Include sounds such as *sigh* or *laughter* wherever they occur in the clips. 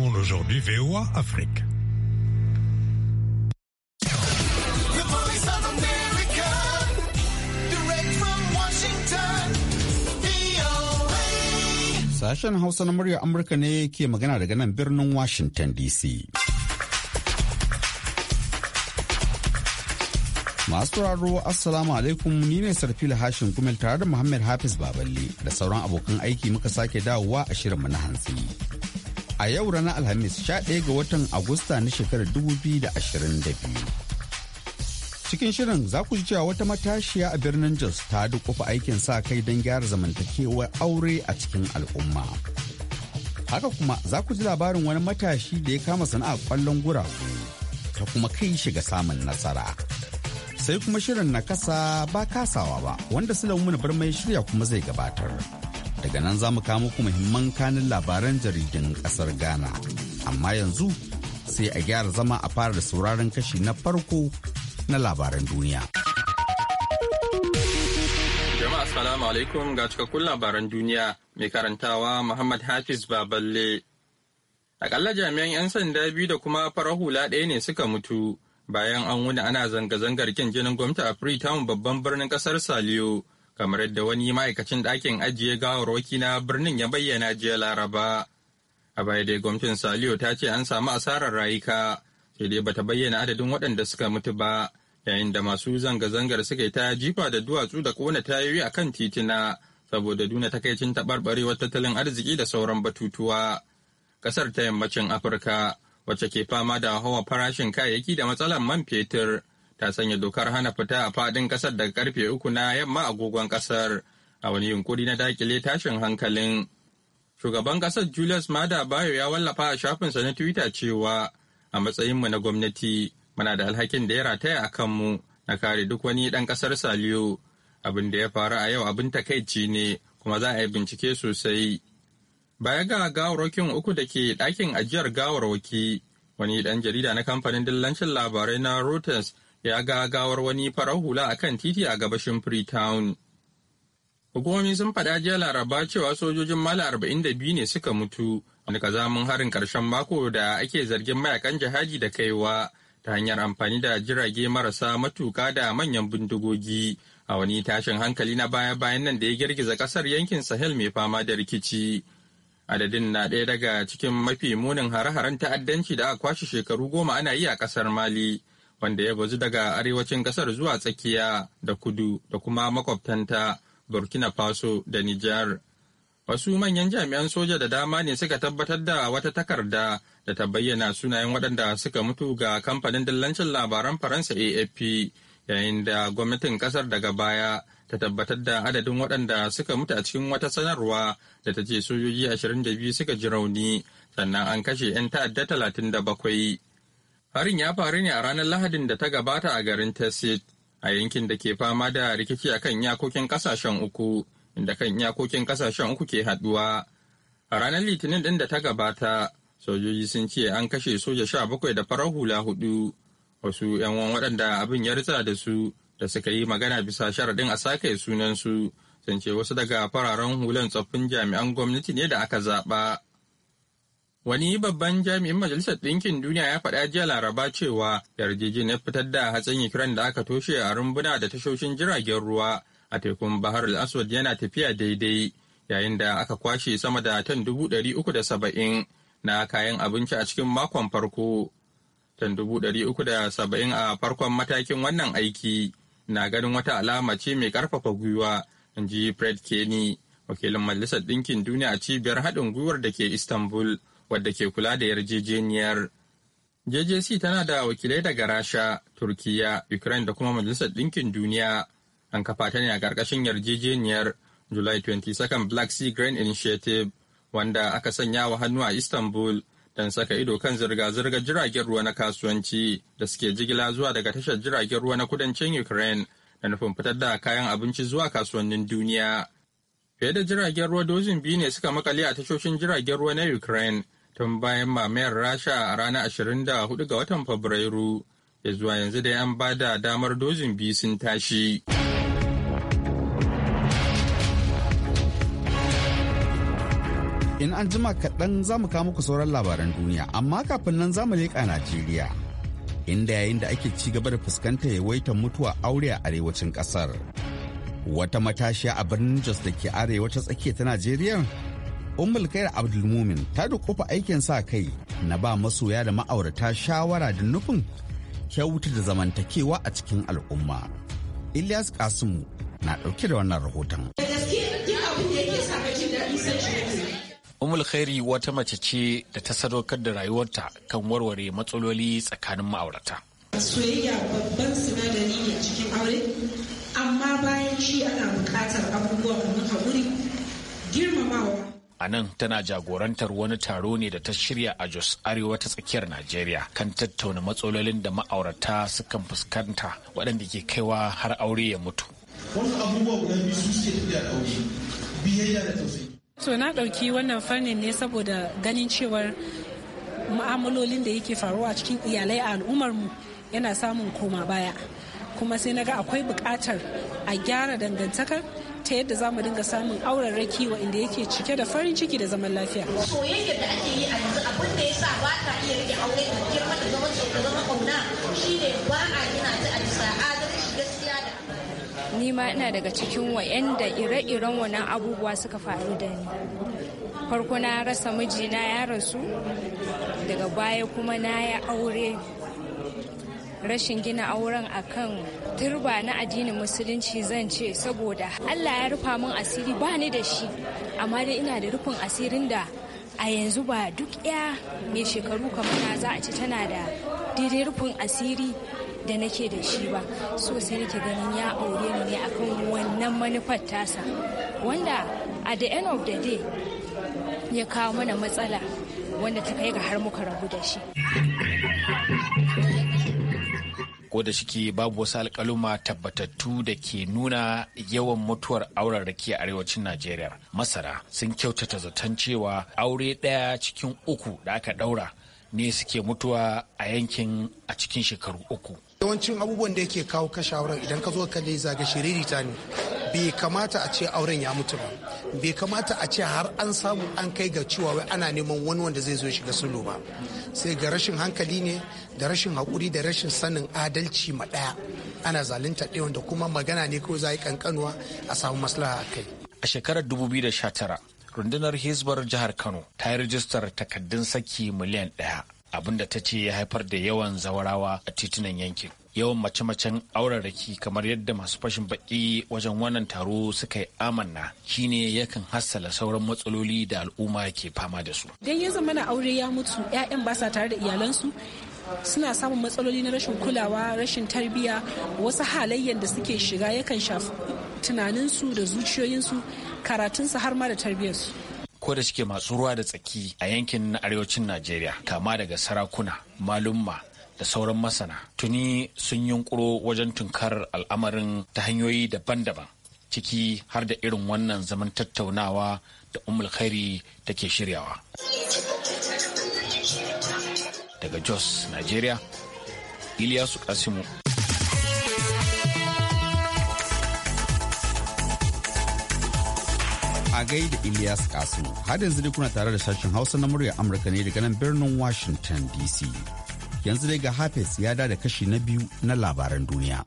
monde aujourd'hui, VOA Afrique. Sashen Hausa na murya Amurka ne ke magana daga nan birnin Washington DC. Masu turaro Assalamu alaikum ni ne Sarfila Hashin Gumel tare da Muhammad Hafiz Baballe da sauran abokan aiki muka sake dawowa a shirinmu na hantsi. a yau ranar Alhamis 11 ga watan Agusta na shekarar 2022. Cikin shirin za ku ji cewa wata matashiya a birnin Jos ta dukufa aikin sa kai don gyara zamantakewar aure a cikin al'umma. Haka kuma za ku ji labarin wani matashi da ya kama sana'a kwallon gura ta kuma kai shiga samun nasara. Sai kuma shirin na kasa ba kasawa ba wanda Sulaimu bar mai shirya kuma zai gabatar. Daga nan za mu kawo muku muhimman kanin labaran jaridun kasar Ghana. Amma yanzu sai a gyara zama a fara da sauraron kashi na farko na labaran duniya. Jama'a assalamu alaikum ga cikakkun labaran duniya mai karantawa Muhammad Hafiz Baballe. Akalla jami'an 'yan sanda biyu da kuma farar hula ɗaya ne suka mutu bayan an wuni ana zanga-zangar kin jinin gwamnati a Freetown babban birnin kasar Saliyo kamar yadda wani ma'aikacin ɗakin ajiye gawarwaki na birnin ya bayyana jiya laraba a baya dai gwamnatin saliyo ta ce an samu asarar rayuka sai dai bata bayyana adadin waɗanda suka mutu ba yayin da masu zanga-zangar suka ta jifa da duwatsu da kona tayoyi akan titina saboda duna takaicin taɓarɓarewar tattalin arziki da sauran batutuwa ƙasar ta yammacin afirka wacce ke fama da hawa farashin kayayyaki da matsalar man fetur ta sanya dokar hana fita a fadin kasar daga karfe uku na yamma agogon kasar a wani yunkuri na dakile tashin hankalin. Shugaban kasar Julius Mada Bayo ya wallafa a shafinsa na Twitter cewa a matsayinmu na gwamnati muna da alhakin da ya rataya a kanmu na kare duk wani ɗan ƙasar Saliyo. Abin da ya faru a yau abin takaici ne kuma za a yi bincike sosai. Baya ga gawarwakin uku da ke ɗakin ajiyar gawarwaki wani ɗan jarida na kamfanin dillancin labarai na Reuters ya ga gawar wani farar hula a kan titi a gabashin Freetown. Hukumomi sun faɗa jiya laraba cewa sojojin mala biyu ne suka mutu wani kazamin harin ƙarshen mako da ake zargin mayakan jihaji da kaiwa ta hanyar amfani da jirage marasa matuka da manyan bindigogi a wani tashin hankali na baya-bayan nan da ya girgiza ƙasar yankin Sahel mai fama da rikici. Adadin na ɗaya daga cikin mafi munin hare-haren ta'addanci da aka kwashe shekaru goma ana yi a ƙasar Mali. wanda ya bazu daga arewacin kasar zuwa tsakiya da kudu da kuma makwabtanta burkina faso da nijar wasu manyan jami'an soja da dama ne suka tabbatar da wata takarda da ta bayyana sunayen waɗanda suka mutu ga kamfanin dillancin labaran faransa afp yayin da gwamnatin kasar daga baya ta tabbatar da adadin waɗanda suka mutu a cikin wata sanarwa da ta ce sojoji 22 suka ji rauni sannan an kashe 'yan ta'adda 37 Harin ya faru ne a ranar Lahadin da ta gabata a garin Tessit, a yankin da ke fama da rikici a kan yakokin kasashen uku, inda kan yakokin kasashen uku ke haduwa. A ranar Litinin din da ta gabata, sojoji sun ce an kashe soja sha bakwai da farar hula hudu, wasu 'yan waɗanda abin ya ritsa da su da suka yi magana bisa sharaɗin a sake sunansu sun ce wasu daga fararen hulan tsoffin jami'an gwamnati ne da aka zaɓa. Wani babban jami'in Majalisar Ɗinkin Duniya ya faɗa jiya Laraba cewa yarjejeniyar fitar da hatsin Ukraine da aka toshe a rumbuna da tashoshin jiragen ruwa a tekun Bahar al-Aswad yana tafiya daidai yayin da aka kwashe sama da tan dubu ɗari uku da saba'in na kayan abinci a cikin makon farko. Tan dubu ɗari uku da saba'in a farkon matakin wannan aiki na ganin wata alama ce mai ƙarfafa gwiwa, in ji Fred Kenny, wakilin Majalisar Ɗinkin Duniya a cibiyar haɗin gwiwar da ke Istanbul. wadda ke kula da yarjejeniyar. JJC tana da wakilai daga Rasha, Turkiya, Ukraine da kuma Majalisar Ɗinkin Duniya. An kafa ta ne a ƙarƙashin yarjejeniyar July 22 Black Sea Grain Initiative, wanda aka sanya wa hannu a Istanbul don saka ido kan zirga-zirgar jiragen ruwa na kasuwanci da suke jigila zuwa daga tashar jiragen ruwa na kudancin Ukraine da nufin fitar da kayan abinci zuwa kasuwannin duniya. Fiye da jiragen ruwa dozin biyu ne suka makale a tashoshin jiragen ruwa na Ukraine tun bayan mamayar rasha a ranar 24 ga watan fabrairu ya zuwa yanzu da yan bada damar dozin biyu sun tashi in an jima kaɗan za mu kawo muku sauran labaran duniya amma kafin nan za mu leƙa najeriya inda yayin da ake ci gaba da fuskantar yawaitar mutuwa aure a arewacin ƙasar wata matashiya a birnin jos da ke arewa ta tsakiya ta najeriya Ummul Khair Abdulmumin ta dukufa aikin sa kai na ba masoya da ma'aurata shawara da nufin kyauta da zamantakewa a cikin al'umma. Ilyas Kasimu na ɗauke da wannan rahoton. Ummul Khairi wata mace ce da ta sadaukar da rayuwarta kan warware matsaloli tsakanin ma'aurata. Soyayya babban sinadari ne cikin aure, amma bayan shi ana buƙatar abubuwan haƙuri girmamawa a nan tana jagorantar wani taro ne da ta shirya a Jos Arewa ta tsakiyar Najeriya kan tattauna matsalolin da ma'aurata sukan fuskanta waɗanda ke kaiwa har aure ya mutu. Wasu abubuwa guda biyu su suke tafiya da aure biyayya da tausayi. So na ɗauki wannan fannin ne saboda ganin cewar ma'amalolin da yake faruwa cikin iyalai a al'ummarmu yana samun koma baya kuma sai na ga akwai buƙatar a gyara dangantakar ta yadda za mu dinga samun auren aurarraki inda yake cike da farin ciki da zaman lafiya. Soyayyar da ake yi a yanzu abin da ya sa ba ta iya rike aure da girma da zama da zama ƙauna shine ba a gina ta a bisa adalci gaskiya da ni ma ina daga cikin wa'yanda ire-iren wannan abubuwa suka faru da ni farko na rasa mijina ya rasu daga baya kuma na ya aure rashin gina auren a kan turba na addinin musulunci zan ce saboda Allah ya rufa min asiri ba ni da shi amma dai ina da rufin asirin da a yanzu ba duk ya mai shekaru kamar za a ci tana da daidai rufin asiri da nake da shi ba so sai nake ganin ya aure ni ne akan wannan manufar tasa wanda a the end of the day ya kawo mana matsala wanda ta kai ga har muka rabu da shi ko da shike babu wasu alkaluma tabbatattu da ke nuna yawan mutuwar auren rake a arewacin najeriya Masara sun kyautata zaton cewa aure ɗaya cikin uku da aka ɗaura ne suke mutuwa a yankin a cikin shekaru uku yawancin abubuwan da yake kawo kashe auren idan ka zo ka ne zaga shiririta ne bai kamata a ce auren ya mutu ba bai kamata a ce har an samu an kai ga cewa wai ana neman wani wanda zai zo shiga sulu ba sai ga rashin hankali ne da rashin haƙuri da rashin sanin adalci ma ɗaya ana zalunta ɗaya wanda kuma magana ne kawai za yi kankanuwa a samu maslaha a kai a shekarar 2019 rundunar hisbar jihar kano ta yi rijistar takaddun saki miliyan ɗaya da ta ce ya haifar da yawan zawarawa a titunan yankin yawan mace-macen auraraki kamar yadda masu fashin baki wajen wannan taro suka yi amanna shine yakan hassala sauran matsaloli da al'umma ke fama da su. Dan ya zama na aure ya mutu 'ya'yan ba sa tare da iyalansu suna samun matsaloli na rashin kulawa rashin tarbiyya wasu halayyar da suke shiga yakan shafi tunaninsu da zuciyoyinsu karatunsu har ma da tarbiyyarsu. ko da suke masu ruwa da tsaki a yankin arewacin najeriya kama daga sarakuna malumma da sauran masana tuni sun yunkuro wajen tunkar al'amarin ta hanyoyi daban-daban ciki har da irin wannan zaman tattaunawa da umul khairi take shiryawa daga jos Najeriya iliyasu kasimu agai da Ilyas Kasu. Har yanzu dai kuna tare da sashen Hausa na murya Amurka ne daga nan birnin Washington DC. Yanzu dai ga Hafiz ya da kashi na biyu na labaran duniya.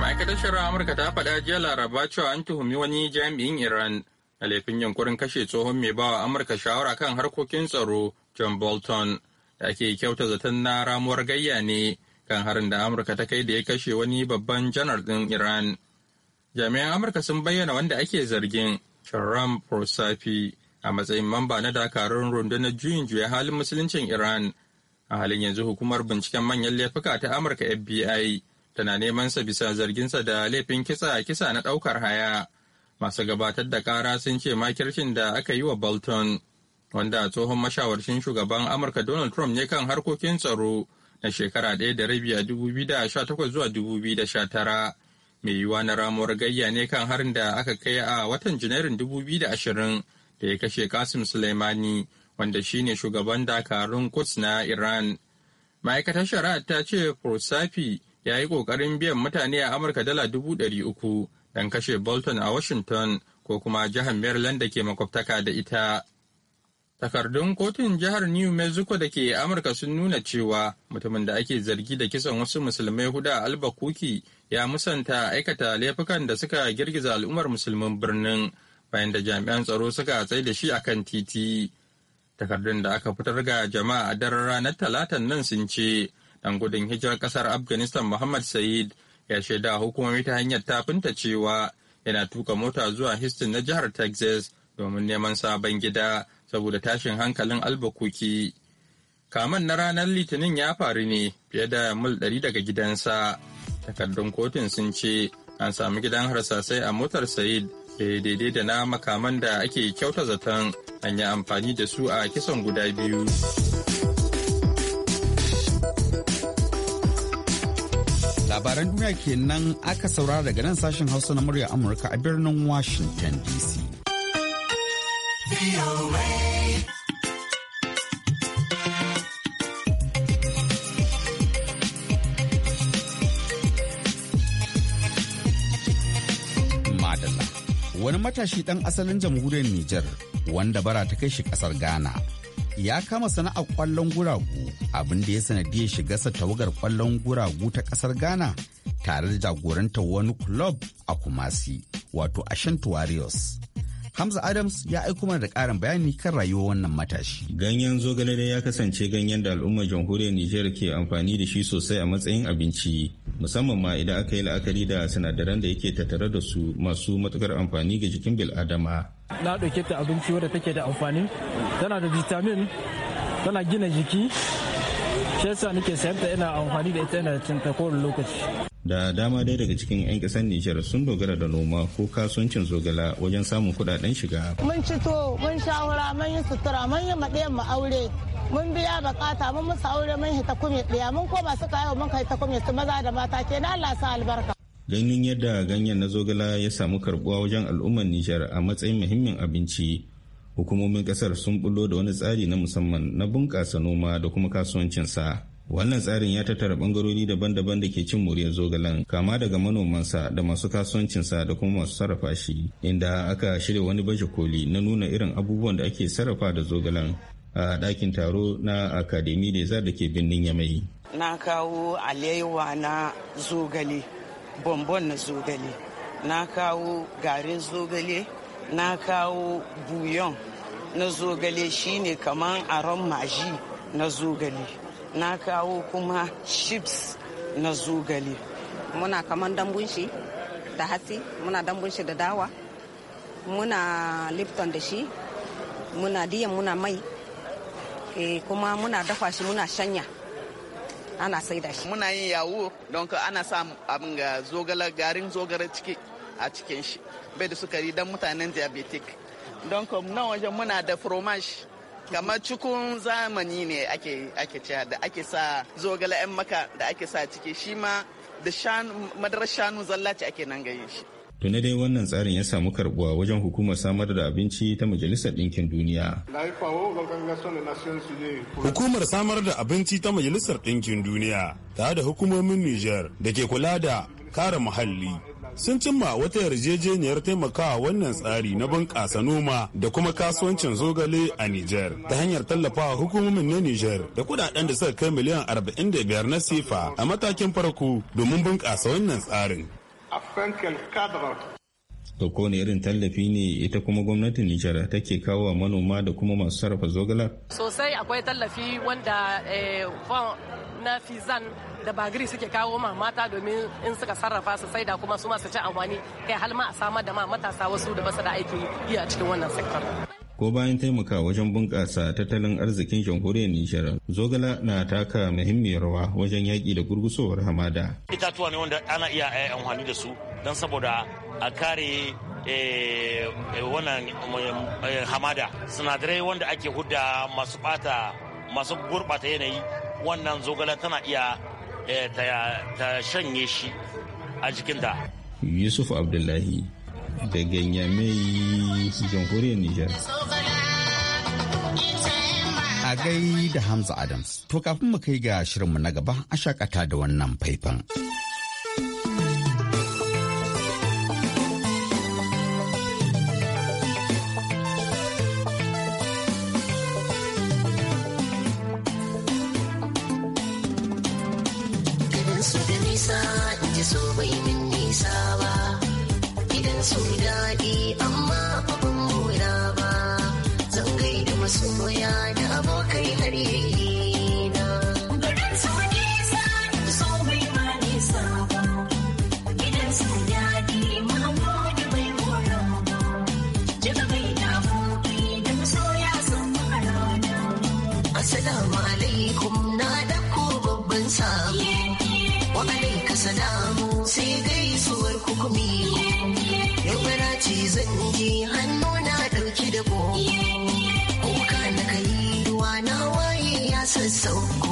Ma'aikatar shirin Amurka ta faɗa jiya Laraba cewa an tuhumi wani jami'in Iran a laifin yankurin kashe tsohon mai bawa Amurka shawara kan harkokin tsaro John Bolton da ake kyauta zaton na ramuwar gayya ne kan harin da Amurka ta kai da ya kashe wani babban janar ɗin Iran. jami'an amurka sun bayyana wanda ake zargin sharam prosafi a matsayin mamba na dakarun rundunar juyin juya halin musuluncin iran a halin yanzu hukumar binciken manyan laifuka ta amurka fbi tana neman sa bisa zarginsa da laifin kisa kisa na daukar haya masu gabatar da kara sun ce makircin da aka yi wa bolton wanda tsohon mashawarcin shugaban amurka donald trump ne kan harkokin tsaro na shekara ɗaya da rabi a 2018 zuwa 2019 mai yiwuwa na ramuwar gayya ne kan harin da aka kai a watan janairun 2020 da ya kashe kasim suleimani wanda shine shugaban dakarun kuts na iran ma'aikatar shari'a ta ce prosafi ya yi kokarin biyan mutane a amurka dala dubu ɗari uku don kashe bolton a washington ko kuma jihar maryland da ke makwabtaka da ita Takardun kotun jihar New Mexico da ke Amurka sun nuna cewa mutumin da ake zargi da kisan wasu musulmai hudu a albakuki ya musanta aikata laifukan da suka girgiza al'ummar musulmin birnin bayan da jami'an tsaro suka tsaye da shi akan titi. Takardun da aka fitar ga jama'a a daren ranar talatan nan sun ce ɗan gudun hijirar ƙasar Afghanistan Muhammad Said ya shaida hukumomi ta hanyar tafinta cewa yana tuka mota zuwa Houston na jihar Texas domin neman sabon gida. saboda tashin hankalin albakuki kaman na ranar litinin ya faru ne fiye da mil 100 daga gidansa takardun kotun sun ce an sami gidan harsasai a motar sayid daidai da na makaman da ake kyauta zaton an yi amfani da su a kisan guda biyu labaran duniya kenan aka saurara daga nan sashen hausa na murya amurka a birnin washington dc wani matashi ɗan asalin jamhuriyar Nijar wanda bara ta kai shi ƙasar Ghana. Ya kama sana'ar ƙwallon guragu abin da ya shiga gasa tawagar ƙwallon guragu ta ƙasar Ghana tare da jagoranta wani club a Kumasi wato Ashanti Warriors. Hamza Adams ya aiko mana da ƙarin bayani kan rayuwar wannan matashi. Ganyen zogale ya kasance ganyen da al'ummar jamhuriyar Nijar ke amfani da shi sosai a matsayin abinci musamman ma idan aka yi la'akari da sinadaran da yake tattare da su masu matukar amfani ga jikin bil'adama. Na ɗauke ta abinci wadda take da amfani, tana da vitamin, tana gina jiki, shi yasa nake sayar ta ina amfani da ita ina cin ta kowane lokaci da dama dai daga cikin 'yan kasar Nijar sun dogara da noma ko kasuwancin zogala wajen samun kudaden shiga. Mun ci to, mun shahura mun yi sutura, mun yi maɗayan mu aure, mun biya bukata, mun musu aure, mun hita kume ɗaya, mun koma suka yau mun kai ta kume su maza da mata ke na Allah sa albarka. Ganin yadda ganyen na zogala ya samu karbuwa wajen al'ummar Nijar a matsayin muhimmin abinci hukumomin kasar sun bullo da wani tsari na musamman na bunƙasa noma da kuma kasuwancinsa wannan tsarin ya tattara bangarori daban-daban da ke cin muryar zogalen kama daga manomansa da masu kasuwancinsa da kuma masu sarrafa shi inda aka shirya wani baje koli na nuna irin abubuwan da ake sarrafa da zogalen a ɗakin taro na akademi da zar da ke birnin yamai na kawo alewa na zogale bombon na zogale na kawo garin zogale na kawo buyon na zogale shine kaman aron maji na zogale na kawo kuma chips na zogale muna kaman dambun shi da hatsi muna dambun shi da dawa muna lipton da shi muna diyan muna mai e, kuma muna dafa shi muna shanya ana saida shi muna yin yawo don ana sa abin ga zogala garin zogala ciki a cikin shi bai da sukari don mutanen diabetic don na wajen muna da fromage kamar cikin zamani ne ake ake da ake sa zogale 'yan maka da ake sa ciki shi ma da madarar shanu zalla ce ake nan gayin shi na dai wannan tsarin ya samu karbuwa wajen hukumar samar da abinci ta majalisar ɗinkin duniya hukumar samar da abinci ta majalisar ɗinkin duniya tare da hukumomin niger da ke kula da kare muhalli sun cimma wata yarjejeniyar taimakawa wannan tsari na bunƙasa noma da kuma kasuwancin zogale a Nijar ta hanyar tallafawa hukumomin na Nijar da kudaden da suka kai miliyan 45 na sifa a matakin farko domin bunƙasa wannan tsarin. to ko ne irin tallafi ne ita kuma gwamnatin nijar take kawo wa manoma da kuma masu sarrafa zogala sosai akwai tallafi wanda eh, na fizan da bagiri suke kawo ma mata domin in suka sarrafa su saida kuma su masu ci amfani kai har ma a samar da ma matasa wasu da basu da aiki yi a cikin wannan sektor ko bayan taimaka wajen bunƙasa tattalin arzikin jamhuriyar Nijar. Zogala na taka muhimmiyar rawa wajen yaƙi da gurgusowar hamada. Itatuwa ne wanda ana iya eh, amfani da su don saboda a kare eh, wannan eh, hamada sinadarai wanda ake hudda masu bata masu gurbata yanayi wannan zogala tana iya eh, ta shanye shi a jikinta yusuf abdullahi daga yamai jamhuriyar nijar a gai da hamza adams to kafin mu kai ga shirinmu na gaba a shakata da wannan faifan. nisa in ji so bai min nisa ba idan su daɗi amma abin mura ba zan gaida masoya da abokai har yayi salamu sai gaisuwar hukumi yau bara ce zan je hannu na ɗauki da ko kuka na kai ruwa na waye ya sassauko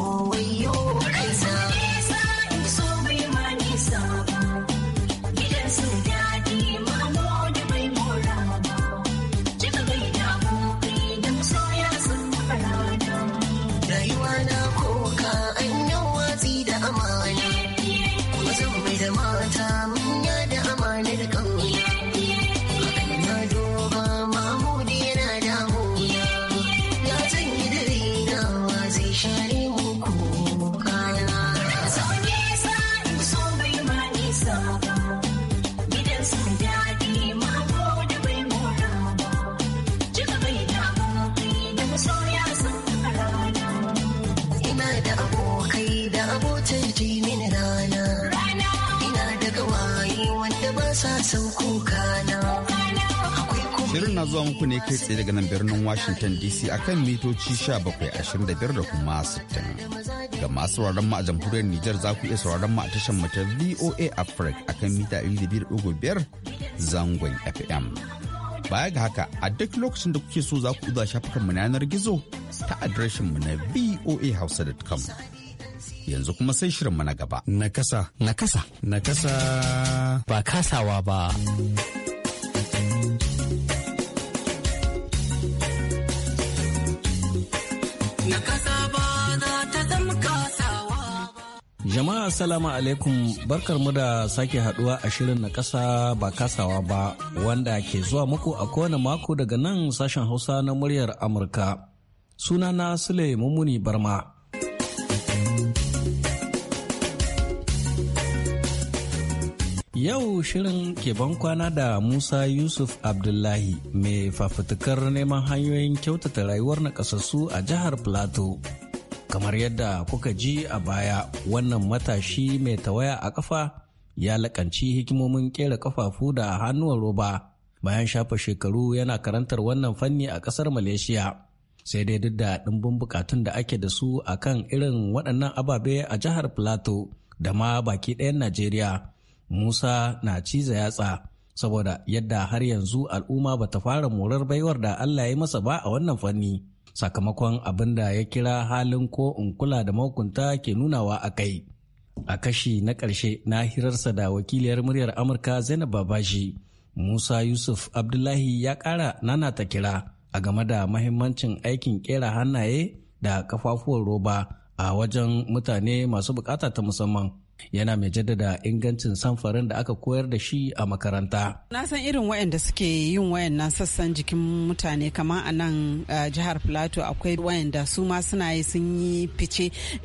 ne daga nan birnin Washington DC akan mitoci 1725 da kuma 60. Ga masu sauraron mu a jamhuriyar Nijar za ku iya sauraron mu a tashar mu ta VOA Africa akan mita 200.5 zangon FM. Baya ga haka a duk lokacin da kuke so za ku zuwa shafukan mu na yanar gizo ta adireshin mu na voahausa.com. Yanzu kuma sai shirin mu na gaba. kasa. Na kasa. Ba kasawa ba. Jama'a assalamu alaikum barkar mu da sake haduwa a shirin na kasa ba kasawa ba wanda ke zuwa muku a kowane mako daga nan sashen hausa na muryar Amurka. Sunana Sule Mummuni Barma. Yau shirin ke ban kwana da Musa Yusuf Abdullahi mai fafutukar neman hanyoyin kyautata rayuwar na a jihar Plateau. kamar yadda kuka ji a baya wannan matashi mai tawaya a kafa ya laƙanci hikimomin kera kafafu da hannuwan roba bayan shafa shekaru yana karantar wannan fanni a ƙasar malaysia sai dai duk da ɗimbin bukatun da ake da su a kan irin waɗannan ababe a jihar plateau da ma baki ɗayan najeriya musa na ciza yatsa saboda yadda har yanzu al'umma bata fara morar baiwar da allah ya masa ba a wannan fanni sakamakon abin da ya kira halin ko in kula da mahukunta ke nunawa a kai. A kashi na ƙarshe na hirarsa da wakiliyar muryar Amurka Zainab Babaji, Musa Yusuf Abdullahi ya ƙara nanata kira a game da mahimmancin aikin ƙera hannaye da kafafuwar roba a wajen mutane masu bukata ta musamman. yana mai jaddada ingancin samfarin da aka koyar da shi a makaranta. Na san irin wayanda suke yin wayannan sassan jikin mutane kamar a nan eh, jihar Plateau akwai wayanda su ma suna yi sun yi fice.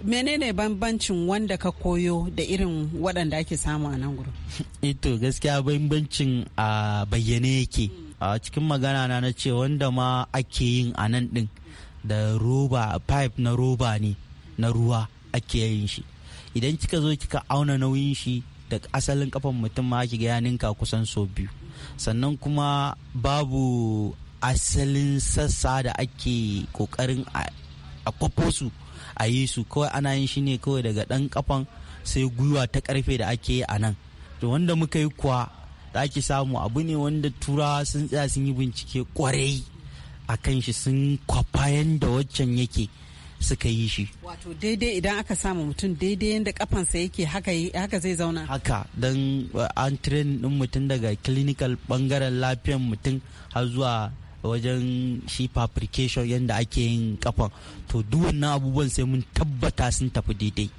Menene bambancin wanda ka koyo da irin waɗanda ake samu a nan gudu. *laughs* Ito eh gaskiya bambancin a bayyane yake. A cikin magana na na ce wanda ma ake yin a nan ɗin da roba pipe na roba ne na ruwa ake yin shi. idan kika zo kika auna nauyin shi da asalin kafan mutum ma ga ya ninka kusan so biyu sannan kuma babu asalin sassa da ake kokarin a kwafo su a yi su kawai ana yin shi ne kawai daga ɗan kafan sai gwiwa ta karfe da ake yi a nan to wanda muka yi kuwa da ake samu abu ne wanda turawa sun tsaya sun yi bincike kwarai a kan shi sun kwafayen da waccan yake suka yi shi wato daidai idan aka samu mutum daidai yadda kafansa yake haka zai zauna haka don uh, an train din mutum daga clinical bangaren lafiyan mutum har zuwa wajen shi fabrication yadda ake yin kafan to duk wannan abubuwan sai mun tabbata sun tafi daidai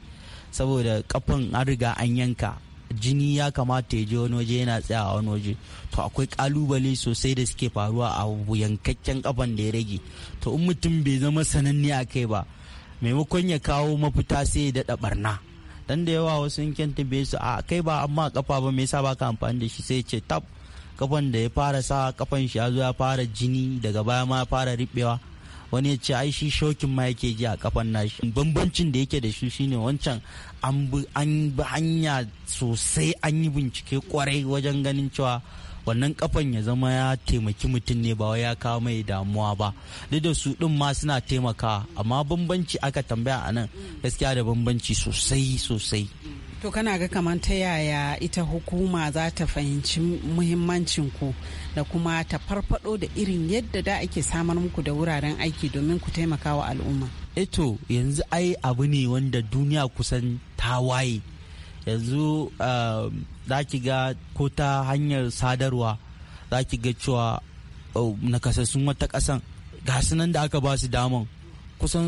saboda kafan an riga an yanka jini ya kamata ya je wani waje yana tsaya a wani waje to akwai kalubale sosai da suke faruwa a yankakken kafan da ya rage to in mutum bai zama sananne a kai ba maimakon ya kawo mafita sai ya daɗa barna dan da yawa wasu yankin bai su a kai ba amma kafa ba me yasa ka amfani da shi sai ce tab kafan da ya fara sa kafan shi ya zo ya fara jini daga baya ma ya fara riɓewa wani ya ce ai shi shokin ma yake ji a kafan nashi bambancin da yake da shi shine wancan an bi hanya sosai an yi bincike kwarai wajen ganin cewa wannan kafan ya zama ya taimaki mutum ne ba ya kawo mai damuwa ba duk da su din ma suna taimakawa amma bambanci aka tambaya a nan gaskiya da bambanci sosai sosai To kana ga kamar ta yaya ita hukuma za ta fahimci muhimmancin ku da kuma ta farfado da irin yadda da ake samar muku da wuraren aiki domin ku taimaka wa al'umma. Eto eh yanzu ai abu ne wanda duniya kusan ta waye yanzu ah, za ki ga ko ta hanyar sadarwa za ki ga cewa oh, nakasassun wata kasan ga nan da aka ba su daman kusan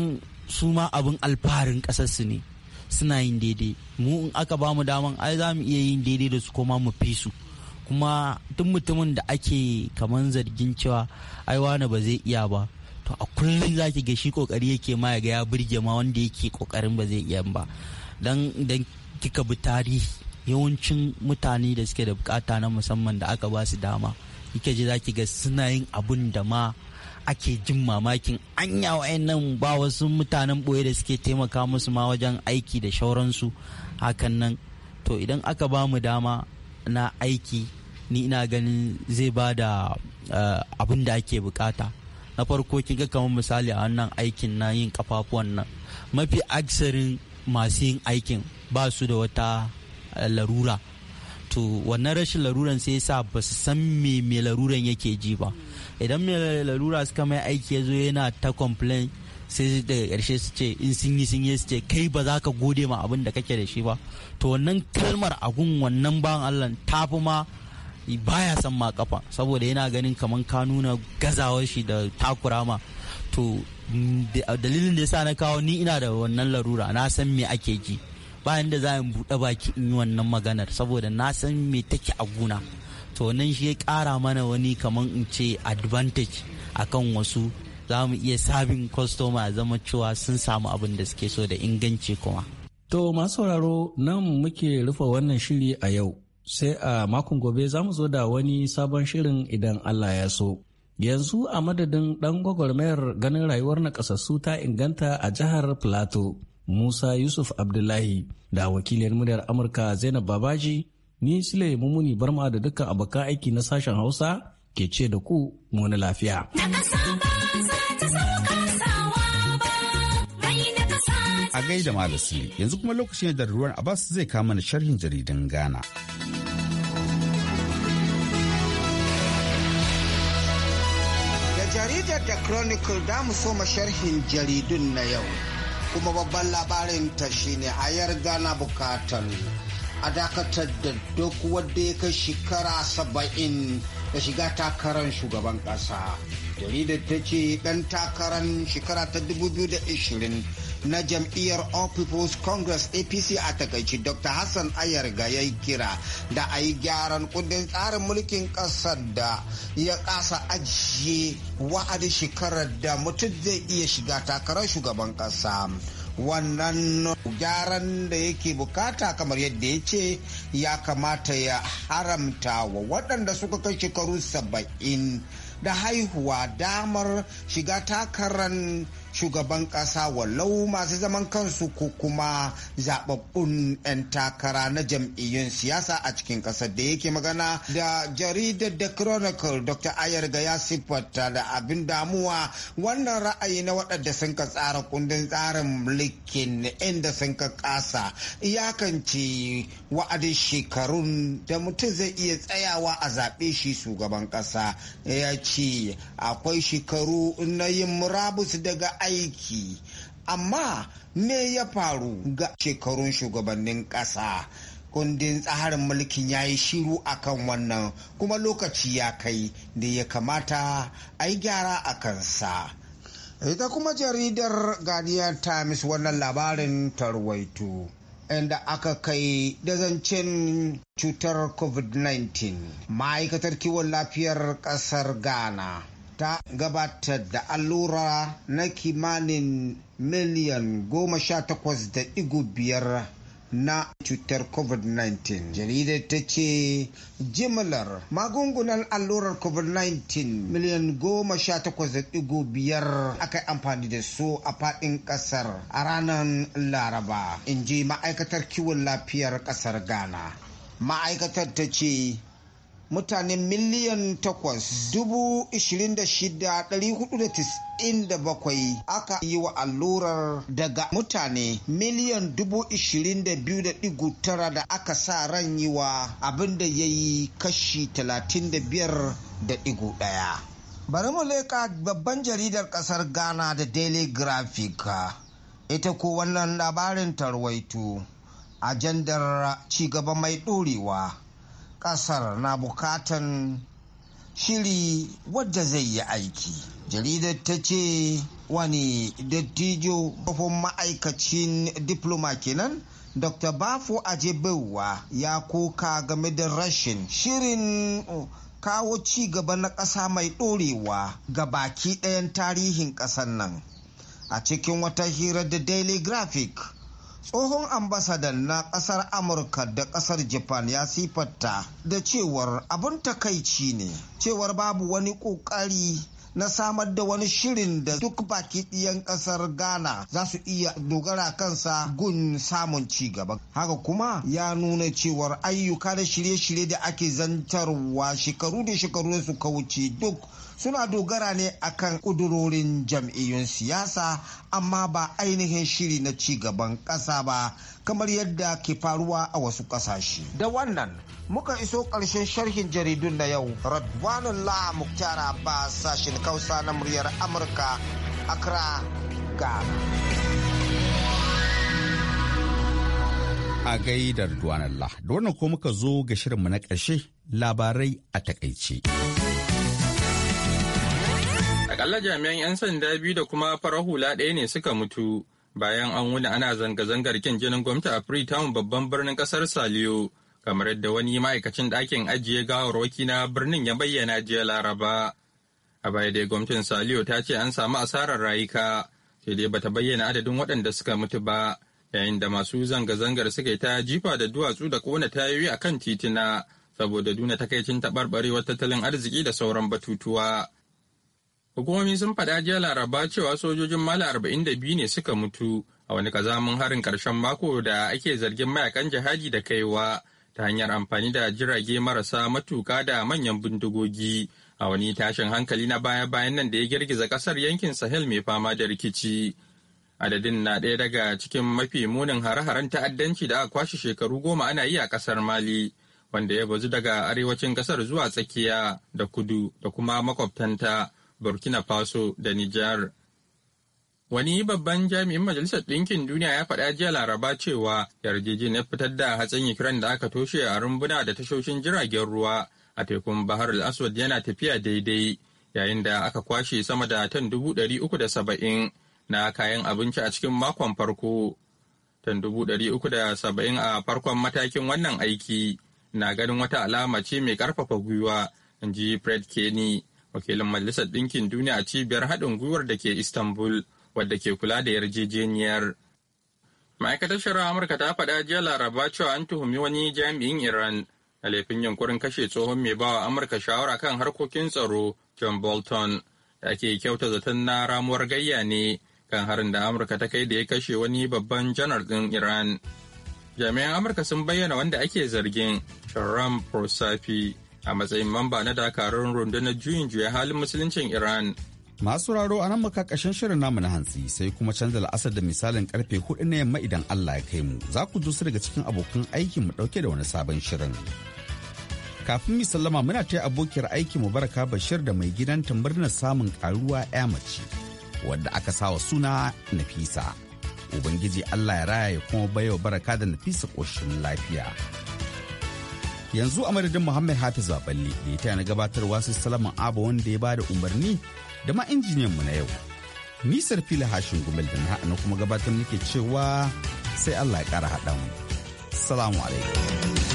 su ma abin alfaharin kasassu ne. suna yin daidai mu in aka bamu daman ai za mu iya yin daidai da su koma mu fi su kuma duk mutumin da ake kaman zargin cewa ai wani ba zai iya ba to a kullum za ki ga shi kokari yake ma ya ga ya burge ma wanda yake kokarin ba zai iya ba dan idan kika bi tarihi yawancin mutane da suke da bukata na musamman da aka ba su dama kike ji zaki ki ga suna yin abun da ma ake jin mamakin anya wa'annan ba wasu mutanen boye da suke taimaka musu ma wajen aiki da shauransu hakan nan to idan aka ba mu dama na aiki ni ina ganin zai ba da eh, abin da ake bukata na farko kiga kamar misali a wannan aikin na yin kafafuwan nan mafi aksarin masu yin aikin ba su da wata eh, larura to wannan rashin laruran sai sa ba su san me me laruran yake ji ba idan mai lalura suka mai aiki ya zo yana ta complain sai daga ƙarshe su ce in sun yi sun yi su ce kai ba za ka gode ma abin da kake da shi ba to wannan kalmar agun wannan ba allah ta fi ma baya san ma kafa saboda yana ganin kamar ka nuna gazawar shi da takura ma to mm, dalilin da ya sa na kawo ni ina da wannan larura na san me ake ji bayan da za in buɗe baki in yi wannan maganar saboda na san me take a guna to nan shi ya ƙara mana wani kamar in ce advantage a kan wasu za mu iya sabin kwastoma zama cewa sun samu abin da suke so da inganci kuma. To masu sauraro nan muke rufe wannan shiri a yau sai a makon gobe za mu zo da wani sabon shirin idan Allah ya so. Yanzu a madadin ɗan gwagwarmayar ganin rayuwar na ta inganta a jihar Plateau, Musa Yusuf Abdullahi da wakiliyar muryar Amurka Zainab Babaji ni Sule Mumuni Barma da dukkan abokan aiki na sashen Hausa ke ce da ku na lafiya. A gaida Malasili yanzu kuma lokacin da ruwan Abbas zai kama na sharhin jaridan Ghana. jaridar da chronicle da mu soma sharhin jaridun na yau kuma babban labarin ta shine a yar na bukatar a dakatar da duk wadda ya kai shekara saba'in da shiga takarar shugaban kasa jaridar ta ce dan takarar shekara ta 2020 na jam'iyyar all people's congress apc a takaici dr hassan ayarga ya yi kira da a yi gyaran kundin tsarin mulkin ƙasar da ya kasa ajiye wa'adin shekarar da mutum zai iya shiga takarar shugaban kasa. wannan gyaran da yake bukata kamar yadda ya ce ya kamata ya haramta wa waɗanda suka kai shekaru saba'in da haihuwa damar shiga takarar shugaban ƙasa wallau masu zaman kansu ko kuma zababbun 'yan takara na jam'iyyun siyasa a cikin ƙasar da yake magana da jaridar the chronicle dr ayarga ya siffata da abin damuwa wannan ra'ayi na waɗanda sun ka tsara kundin tsarin mulkin inda sun ka ƙasa ce wa'adin shekarun da mutum zai iya tsayawa a zaɓe shi shugaban ƙasa ya ce akwai shekaru na yin murabus daga aiki amma me ya faru ga shekarun shugabannin ƙasa kundin tsarin mulkin ya yi shiru a kan wannan kuma lokaci ya kai da ya kamata a yi gyara a kansa ita kuma jaridar guardian times wannan labarin tarwaito inda aka kai da cutar covid-19 ma'aikatar kiwon lafiyar kasar ghana ta gabatar da allura na kimanin miliyan goma sha takwas da igu biyar na cutar covid-19 jaridar ta ce jimlar magungunan allurar covid-19 miliyan goma sha takwas da digo biyar aka amfani da su a fadin kasar a ranar laraba in ji ma'aikatar kiwon lafiyar kasar ghana ma'aikatar ta ce mutane miliyan takwas dubu ishirin da shida ɗari hudu da tis'in da bakwai aka yi wa allurar daga mutane miliyan dubu ishirin da biyu da ɗigu tara da aka sa ran yi wa abin da ya yi kashi talatin da biyar da ɗigu ɗaya. Bari mu leƙa babban jaridar ƙasar Ghana da Daily Graphic ita ko wannan labarin tarwaito ajandar cigaba mai ɗorewa. kasar na bukatan shiri wadda zai yi aiki jaridar ta ce wani dattijo kafin ma'aikacin diploma kenan dr bafo ajebewa ya koka game da rashin shirin kawo ci gaba na ƙasa mai ɗorewa ga baki ɗayan tarihin ƙasar nan a cikin wata hira da daily graphic tsohon ambasadan na kasar amurka da kasar japan ya sifatta da cewar abun takaici ne cewar babu wani kokari na samar da wani shirin da duk baki ɗiyan ƙasar ghana za su iya dogara kansa gun samun ci gaba haka kuma ya nuna cewar ayyuka da shirye-shirye da ake zantarwa shekaru da shekaru su kauce duk suna dogara ne a kan kudurorin jam'iyyun siyasa amma ba ainihin shiri na ci gaban ƙasa ba kamar yadda ke faruwa a wasu ƙasashe. Da wannan muka iso ƙarshen sharhin jaridun na yau Radwanullah Muktar ba sashen kausa na muryar Amurka Accra, ga. a gaidar duwanan Da wannan ko muka zo ga shirinmu na ƙarshe labarai a takaice. Akalla jami'an 'yan sanda biyu da kuma farahula hula ɗaya ne suka mutu bayan an wuni ana zanga-zangar kyan jinin gwamnati a Freetown babban birnin ƙasar Saliyo, kamar yadda wani ma'aikacin ɗakin ajiye gawarwaki na birnin ya bayyana jiya Laraba. A baya dai gwamnatin Saliyo ta ce an samu asarar rayuka, sai dai bata bayyana adadin waɗanda suka mutu ba, yayin da masu zanga-zangar suka yi ta jifa da duwatsu da ƙona tayoyi a kan titina, saboda duna takaicin taɓarɓarewar tattalin arziki da sauran batutuwa. Hukumomi sun faɗa jiya laraba cewa sojojin da biyu ne suka mutu a wani kazamin harin ƙarshen mako da ake zargin mayakan jihadi da kaiwa ta hanyar amfani da jirage marasa matuka da manyan bindigogi a wani tashin hankali na baya-bayan nan da ya girgiza ƙasar yankin Sahel mai fama da rikici. Adadin na ɗaya daga cikin mafi munin hare-haren ta'addanci da aka kwashe shekaru goma ana yi a ƙasar Mali. wanda ya bazu daga arewacin kasar zuwa tsakiya da kudu da kuma makwabtanta burkina faso da nijar wani babban jami'in majalisar ɗinkin duniya ya faɗa jiya laraba cewa yarjejeniyar fitar da hatsin ukraine da aka toshe a rumbuna da tashoshin jiragen ruwa a tekun bahar al-aswad yana tafiya daidai yayin da aka kwashe sama da tan dubu ɗari uku da saba'in na kayan abinci a cikin makon farko tan dubu ɗari uku da saba'in a farkon matakin wannan aiki na ganin wata alama ce mai ƙarfafa gwiwa in ji fred kenny wakilin majalisar ɗinkin duniya a cibiyar haɗin gwiwar da ke istanbul wadda ke kula da yarjejeniyar ma'aikatar shari'a amurka ta faɗa jiya laraba cewa an tuhumi wani jami'in iran da laifin yankurin kashe tsohon mai bawa amurka shawara kan harkokin tsaro john bolton da ake kyauta zaton na ramuwar gayya ne kan harin da amurka ta kai da ya kashe wani babban janar ɗin iran jami'an amurka sun bayyana wanda ake zargin sharam prosafi a matsayin mamba na dakarun rundunar juyin juya halin musuluncin Iran. Masu raro a nan makakashin shirin namu na hantsi sai kuma canza la'asar da misalin karfe hudu na yamma idan Allah ya kai mu za ku su daga cikin abokan aikin mu dauke da wani sabon shirin. Kafin mi muna ta abokiyar aiki mu baraka Bashir da mai gidan murnar samun karuwa ya mace wadda aka sawa suna Nafisa. Ubangiji Allah ya raya ya kuma baiwa baraka da Nafisa ƙoshin lafiya. yanzu a madadin muhammad hafiz baballe da ya taya na gabatar wasu salaman abu wanda ya bada umarni da ma injiniyan mu na yau nisar fila hashin gumel da na kuma gabatar nake cewa sai allah ya kara haɗa mu salamu alaikum